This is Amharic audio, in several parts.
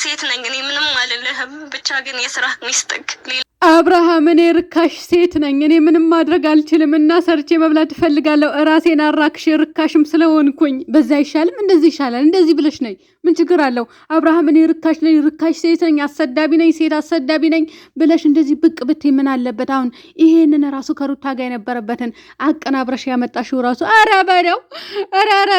ሴት ነኝ እኔ ምንም አልልህም። ብቻ ግን የስራ ሚስጥግ አብርሃም እኔ ርካሽ ሴት ነኝ፣ እኔ ምንም ማድረግ አልችልም እና ሰርቼ መብላት እፈልጋለሁ። እራሴን አራክሽ ርካሽም ስለሆንኩኝ በዛ ይሻልም፣ እንደዚህ ይሻላል፣ እንደዚህ ብለሽ ነኝ። ምን ችግር አለው? አብርሃም እኔ ርካሽ ነኝ፣ ርካሽ ሴት ነኝ፣ አሰዳቢ ነኝ፣ ሴት አሰዳቢ ነኝ ብለሽ እንደዚህ ብቅ ብትይ ምን አለበት? አሁን ይሄንን ራሱ ከሩታ ጋር የነበረበትን አቀናብረሽ ያመጣሽው ራሱ ኧረ በለው ኧረ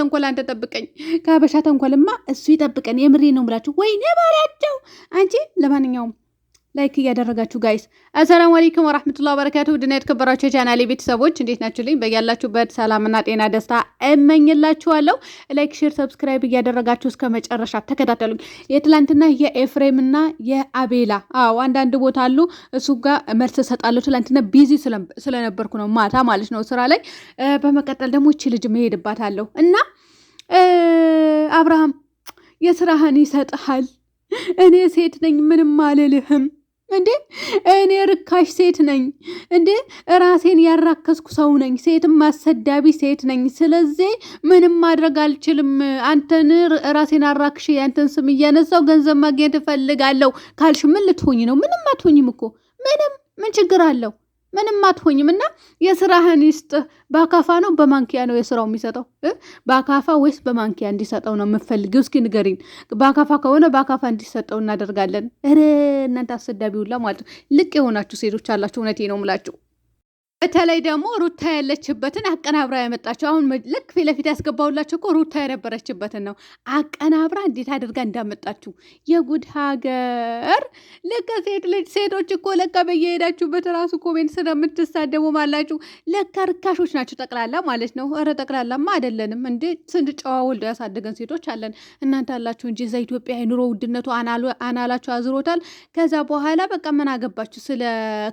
ተንኮል አንተ ጠብቀኝ። ከሀበሻ ተንኮልማ እሱ ይጠብቀን። የምሬ ነው ብላችሁ ወይኔ ባሪያቸው አንቺ ለማንኛውም ላይክ እያደረጋችሁ ጋይስ። አሰላሙ አለይኩም ወራህመቱላሂ ወበረካቱ። ድና የተከበራችሁ የቻናሌ ቤተሰቦች እንዴት ናችሁ? ልኝ በያላችሁበት ሰላምና ጤና ደስታ እመኝላችኋለሁ። ላይክ፣ ሼር፣ ሰብስክራይብ እያደረጋችሁ እስከ መጨረሻ ተከታተሉኝ። የትላንትና የኤፍሬምና የአቤላ አዎ፣ አንዳንድ ቦታ አሉ እሱ ጋር መልስ እሰጣለሁ። ትላንትና ቢዚ ስለነበርኩ ነው ማታ ማለት ነው ስራ ላይ። በመቀጠል ደግሞ እቺ ልጅ መሄድባታለሁ እና አብርሃም የስራህን ይሰጥሃል። እኔ ሴት ነኝ ምንም አልልህም እንዴ እኔ ርካሽ ሴት ነኝ እንዴ? ራሴን ያራከስኩ ሰው ነኝ። ሴትም አሰዳቢ ሴት ነኝ። ስለዚህ ምንም ማድረግ አልችልም። አንተን ራሴን አራክሽ ያንተን ስም እያነሳው ገንዘብ ማግኘት እፈልጋለሁ ካልሽ ምን ልትሆኝ ነው? ምንም አትሆኝም እኮ ምንም። ምን ችግር አለው? ምንም አትሆኝም እና የስራህን ይስጥህ። በአካፋ ነው በማንኪያ ነው የስራው የሚሰጠው? በአካፋ ወይስ በማንኪያ እንዲሰጠው ነው የምትፈልጊው? እስኪ ንገሪን። በአካፋ ከሆነ በአካፋ እንዲሰጠው እናደርጋለን። እናንተ አሰዳቢ ሁላ ማለት ነው። ልቅ የሆናችሁ ሴቶች አላችሁ። እውነቴ ነው የምላችሁ። በተለይ ደግሞ ሩታ ያለችበትን አቀናብራ ያመጣቸው አሁን ልክ ፊት ለፊት ያስገባሁላቸው እኮ ሩታ የነበረችበትን ነው። አቀናብራ እንዴት አድርጋ እንዳመጣችሁ የጉድ ሀገር! ለካ ሴት ልጅ ሴቶች እኮ ለካ በየሄዳችሁበት ራሱ ኮሜንት ስለምትሳደቡ አላችሁ። ለካ ርካሾች ናቸው ጠቅላላ ማለት ነው። ኧረ ጠቅላላማ አይደለንም እንዴ! ስንት ጨዋ ወልዶ ያሳደገን ሴቶች አለን። እናንተ አላችሁ እንጂ እዛ ኢትዮጵያ የኑሮ ውድነቱ አናላችሁ አዝሮታል። ከዛ በኋላ በቃ ምን አገባችሁ ስለ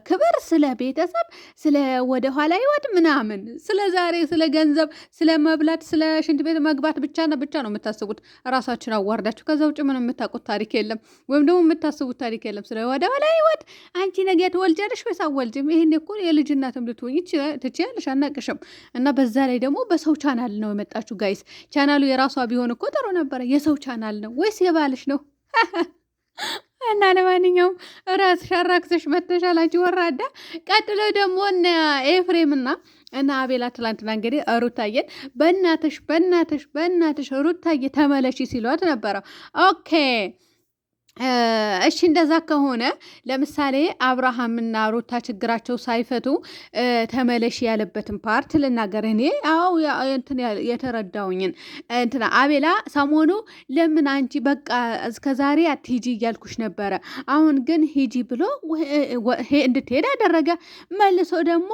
ክብር፣ ስለ ቤተሰብ፣ ስለ ወደ ኋላ ይወድ ምናምን፣ ስለ ዛሬ፣ ስለ ገንዘብ፣ ስለ መብላት፣ ስለ ሽንት ቤት መግባት ብቻና ብቻ ነው የምታስቡት። ራሳችን አዋርዳችሁ። ከዛ ውጭ ምንም የምታውቁት ታሪክ የለም፣ ወይም ደግሞ የምታስቡት ታሪክ የለም። ስለ ወደ ኋላ ይወድ አንቺ ነገ ትወልጃለሽ ወይስ አትወልጂም? ይሄን እኮ የልጅ እናትም ልትሆኝ ትችያለሽ፣ አናቅሽም። እና በዛ ላይ ደግሞ በሰው ቻናል ነው የመጣችሁ ጋይስ። ቻናሉ የራሷ ቢሆን እኮ ጥሩ ነበረ። የሰው ቻናል ነው ወይስ የባልሽ ነው? እና ለማንኛውም ራስ ሻራክሰሽ መተሻላች ወራዳ። ቀጥሎ ደግሞ እነ ኤፍሬምና እና አቤላ ትላንትና እንግዲህ ሩታየን በእናትሽ በእናትሽ በእናትሽ ሩታየ ተመለሺ ሲሏት ነበረ። ኦኬ እሺ እንደዛ ከሆነ ለምሳሌ አብርሃምና ሩታ ችግራቸው ሳይፈቱ ተመለሽ ያለበትን ፓርት ልናገር። እኔ አው እንትን የተረዳውኝን እንትን አቤላ ሰሞኑ ለምን አንቺ በቃ እስከ ዛሬ አትሂጂ እያልኩሽ ነበረ፣ አሁን ግን ሂጂ ብሎ እንድትሄድ አደረገ። መልሶ ደግሞ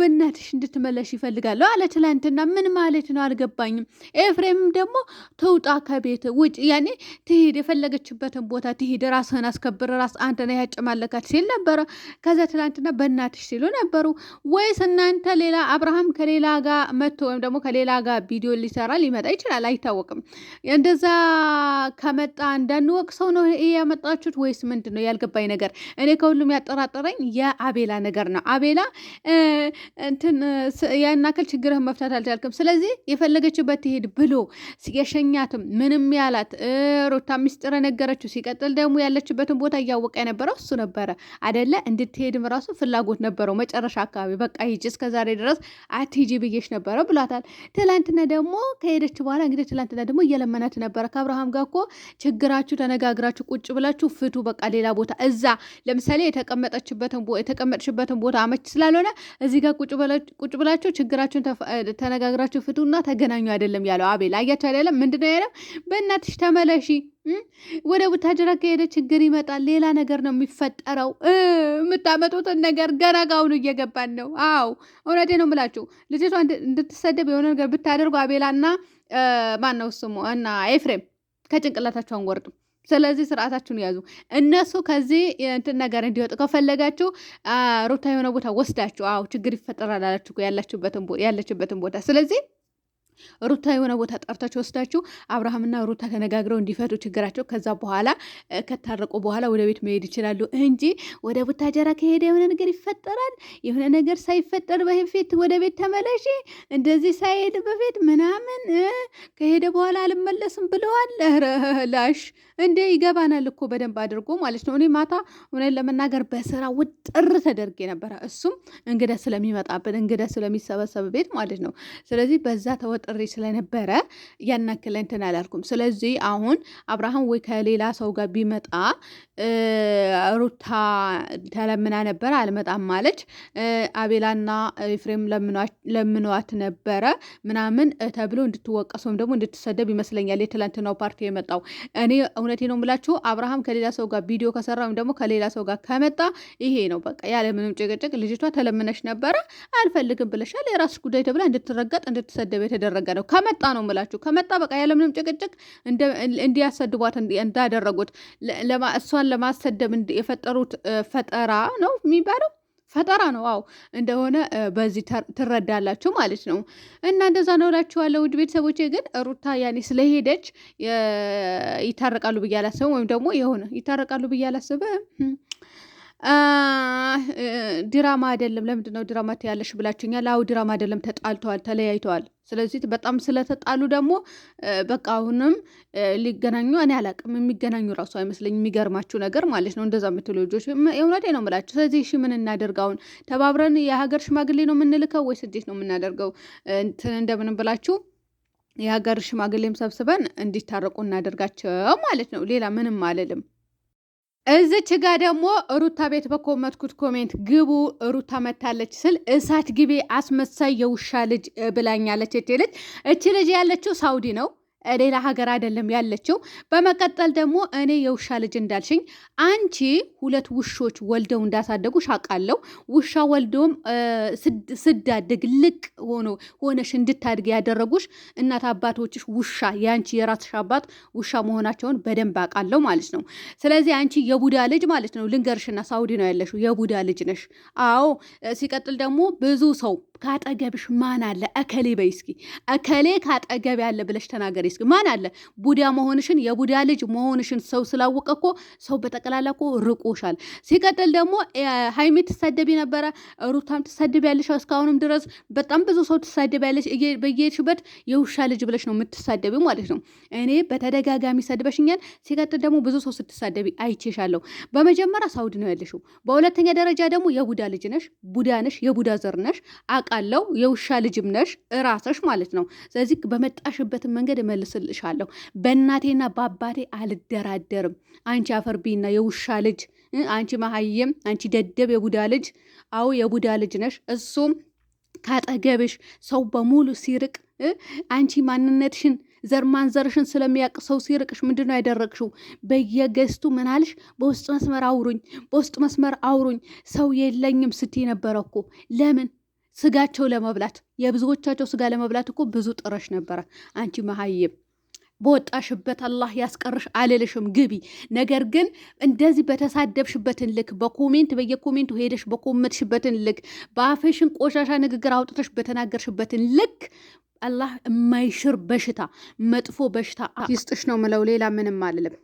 ብነትሽ እንድትመለሽ ይፈልጋለሁ አለ ትላንትና። ምን ማለት ነው አልገባኝም። ኤፍሬምም ደግሞ ትውጣ ከቤት ውጭ ያኔ ትሄድ የፈለገ የፈለገችበትን ቦታ ትሂድ፣ ራስህን አስከብር፣ ራስ አንተ ነህ ያጨማለካት ሲል ነበረ። ከዚያ ትላንትና በእናትሽ ሲሉ ነበሩ። ወይስ እናንተ ሌላ አብርሃም ከሌላ ጋር መጥቶ ወይም ደግሞ ከሌላ ጋር ቪዲዮ ሊሰራ ሊመጣ ይችላል፣ አይታወቅም። እንደዛ ከመጣ እንዳንወቅ ሰው ነው ይሄ ያመጣችሁት ወይስ ምንድን ነው ያልገባኝ ነገር። እኔ ከሁሉም ያጠራጠረኝ የአቤላ ነገር ነው። አቤላ እንትን ያናክል ችግርህን መፍታት አልቻልክም፣ ስለዚህ የፈለገችበት ትሄድ ብሎ የሸኛትም ምንም ያላት ሩታ ሚስጥረ ነበረ ነገረችው። ሲቀጥል ደግሞ ያለችበትን ቦታ እያወቀ የነበረው እሱ ነበረ አደለ። እንድትሄድም ራሱ ፍላጎት ነበረው። መጨረሻ አካባቢ በቃ ሂጂ፣ እስከዛሬ ድረስ አትሂጂ ብዬሽ ነበረ ብሏታል። ትላንትና ደግሞ ከሄደች በኋላ እንግዲህ ትላንትና ደግሞ እየለመናት ነበረ ከአብርሃም ጋር እኮ ችግራችሁ ተነጋግራችሁ ቁጭ ብላችሁ ፍቱ፣ በቃ ሌላ ቦታ እዛ ለምሳሌ የተቀመጠችበትን ቦታ አመች ስላልሆነ እዚህ ጋር ቁጭ ብላችሁ ችግራችሁን ተነጋግራችሁ ፍቱና ተገናኙ አይደለም ያለው አቤል። አያቸው አይደለም ምንድነው ያለው? በእናትሽ ተመለሺ ወደ ቡታጀራ ከሄደ ችግር ይመጣል። ሌላ ነገር ነው የሚፈጠረው። የምታመጡትን ነገር ገና ካሁኑ እየገባን ነው። አዎ እውነቴ ነው የምላችሁ። ልጅቷ እንድትሰደብ የሆነ ነገር ብታደርጉ አቤላና ማን ነው ስሙ እና ኤፍሬም ከጭንቅላታቸው አንወርድም። ስለዚህ ስርዓታችሁን ያዙ። እነሱ ከዚህ እንትን ነገር እንዲወጡ ከፈለጋችሁ ሩታ የሆነ ቦታ ወስዳችሁ፣ አዎ ችግር ይፈጠራል አላችሁ ያለችበትን ቦታ። ስለዚህ ሩታ የሆነ ቦታ ጠርታችሁ ወስዳችሁ አብርሃምና ሩታ ተነጋግረው እንዲፈቱ ችግራቸው ከዛ በኋላ ከታረቁ በኋላ ወደ ቤት መሄድ ይችላሉ እንጂ ወደ ቡታጀራ ከሄደ የሆነ ነገር ይፈጠራል። የሆነ ነገር ሳይፈጠር በፊት ወደ ቤት ተመለሺ፣ እንደዚህ ሳይሄድ በፊት ምናምን ከሄደ በኋላ አልመለስም ብለዋል። ላሽ እንደ ይገባናል እኮ በደንብ አድርጎ ማለት ነው። እኔ ማታ እውነት ለመናገር በስራ ውጥር ተደርጌ ነበረ። እሱም እንግዳ ስለሚመጣበት እንግዳ ስለሚሰበሰብ ቤት ማለት ነው። ስለዚህ በዛ ተወጥ ጥሪ ስለነበረ ያን ያክል እንትን አላልኩም። ስለዚህ አሁን አብርሃም ወይ ከሌላ ሰው ጋር ቢመጣ ሩታ ተለምና ነበረ አልመጣም ማለች። አቤላና ኤፍሬም ለምኗት ነበረ ምናምን ተብሎ እንድትወቀሰውም ደግሞ እንድትሰደብ ይመስለኛል የትላንትናው ፓርቲ የመጣው። እኔ እውነቴ ነው የምላችሁ አብርሃም ከሌላ ሰው ጋር ቪዲዮ ከሰራ ወይም ደግሞ ከሌላ ሰው ጋር ከመጣ ይሄ ነው በቃ ያለምንም ጭቅጭቅ ልጅቷ ተለምነሽ ነበረ አልፈልግም ብለሻል፣ የራስሽ ጉዳይ ተብላ እንድትረገጥ እንድትሰደብ የተደረገ ነው። ከመጣ ነው የምላችሁ ከመጣ በቃ ያለምንም ጭቅጭቅ እንዲያሰድቧት እንዳደረጉት እሷን ለማሰደብ የፈጠሩት ፈጠራ ነው የሚባለው ፈጠራ ነው። አዎ እንደሆነ በዚህ ትረዳላችሁ ማለት ነው። እና እንደዛ ነው እላችኋለሁ ውድ ቤተሰቦቼ። ግን ሩታ ያኔ ስለሄደች ይታረቃሉ ብዬ አላስብም፣ ወይም ደግሞ የሆነ ይታረቃሉ ብዬ አላስብም። ድራማ አይደለም። ለምንድነው ድራማ ያለሽ ብላችሁኛል። አዎ ድራማ አይደለም። ተጣልተዋል፣ ተለያይተዋል። ስለዚህ በጣም ስለተጣሉ ደግሞ በቃ አሁንም ሊገናኙ እኔ አላቅም። የሚገናኙ ራሱ አይመስለኝ። የሚገርማችሁ ነገር ማለት ነው እንደዛ የምትሉ ልጆች የእውነቴ ነው የምላችሁ። ስለዚህ እሺ ምን እናደርግ አሁን? ተባብረን የሀገር ሽማግሌ ነው የምንልከው ወይስ እንዴት ነው የምናደርገው? እንትን እንደምንም ብላችሁ የሀገር ሽማግሌም ሰብስበን እንዲታረቁ እናደርጋቸው ማለት ነው። ሌላ ምንም አልልም። እዚች ጋ ደግሞ ሩታ ቤት በኮመትኩት ኮሜንት ግቡ ሩታ መታለች ስል እሳት ግቤ አስመሳይ የውሻ ልጅ ብላኛለች። እቺ ልጅ እቺ ልጅ ያለችው ሳውዲ ነው። ሌላ ሀገር አይደለም ያለችው። በመቀጠል ደግሞ እኔ የውሻ ልጅ እንዳልሽኝ አንቺ ሁለት ውሾች ወልደው እንዳሳደጉ አውቃለሁ። ውሻ ወልደውም ስዳድግ ልቅ ሆኖ ሆነሽ እንድታድግ ያደረጉሽ እናት አባቶችሽ ውሻ የአንቺ የራስሽ አባት ውሻ መሆናቸውን በደንብ አውቃለሁ ማለት ነው። ስለዚህ አንቺ የቡዳ ልጅ ማለት ነው። ልንገርሽና ሳውዲ ነው ያለሽው፣ የቡዳ ልጅ ነሽ። አዎ። ሲቀጥል ደግሞ ብዙ ሰው ካጠገብሽ ማን አለ? እከሌ በይ እስኪ፣ እከሌ ካጠገብ ያለ ብለሽ ተናገሪ እስኪ። ማን አለ? ቡዳ መሆንሽን የቡዳ ልጅ መሆንሽን ሰው ስላወቀ እኮ ሰው በጠቅላላ እኮ ርቆሻል። ሲቀጥል ደግሞ ሀይሚ ትሳደብ ነበረ፣ ሩታም ትሰደብ ያለሽ፣ እስካሁንም ድረስ በጣም ብዙ ሰው ትሰደብ ያለሽ። በየሄድሽበት የውሻ ልጅ ብለሽ ነው የምትሳደቢ ማለት ነው። እኔ በተደጋጋሚ ሰድበሽኛል። ሲቀጥል ደግሞ ብዙ ሰው ስትሳደቢ አይቼሻለሁ። በመጀመሪያ ሳውድ ነው ያለሽው፣ በሁለተኛ ደረጃ ደግሞ የቡዳ ልጅ ነሽ፣ ቡዳ ነሽ፣ የቡዳ ዘር ነሽ። አውቃለሁ የውሻ ልጅም ነሽ እራሰሽ ማለት ነው። ስለዚህ በመጣሽበትን መንገድ እመልስልሻለሁ። በእናቴና በአባቴ አልደራደርም። አንቺ አፈርቢና የውሻ ልጅ፣ አንቺ መሀየም፣ አንቺ ደደብ የቡዳ ልጅ። አዎ የቡዳ ልጅ ነሽ። እሱም ካጠገብሽ ሰው በሙሉ ሲርቅ አንቺ ማንነትሽን ዘር ማንዘርሽን ስለሚያውቅ ሰው ሲርቅሽ ምንድን ነው ያደረግሽው? በየገዝቱ ምናልሽ በውስጥ መስመር አውሩኝ፣ በውስጥ መስመር አውሩኝ ሰው የለኝም ስትይ ነበረ እኮ ለምን ስጋቸው ለመብላት የብዙዎቻቸው ስጋ ለመብላት እኮ ብዙ ጥረሽ ነበረ። አንቺ መሀይም በወጣሽበት አላህ ያስቀርሽ አልልሽም፣ ግቢ። ነገር ግን እንደዚህ በተሳደብሽበትን ልክ በኮሜንት በየኮሜንቱ ሄደሽ በኮመትሽበትን ልክ በአፌሽን ቆሻሻ ንግግር አውጥተሽ በተናገርሽበትን ልክ አላህ የማይሽር በሽታ መጥፎ በሽታ ይስጥሽ ነው ምለው። ሌላ ምንም አልልም።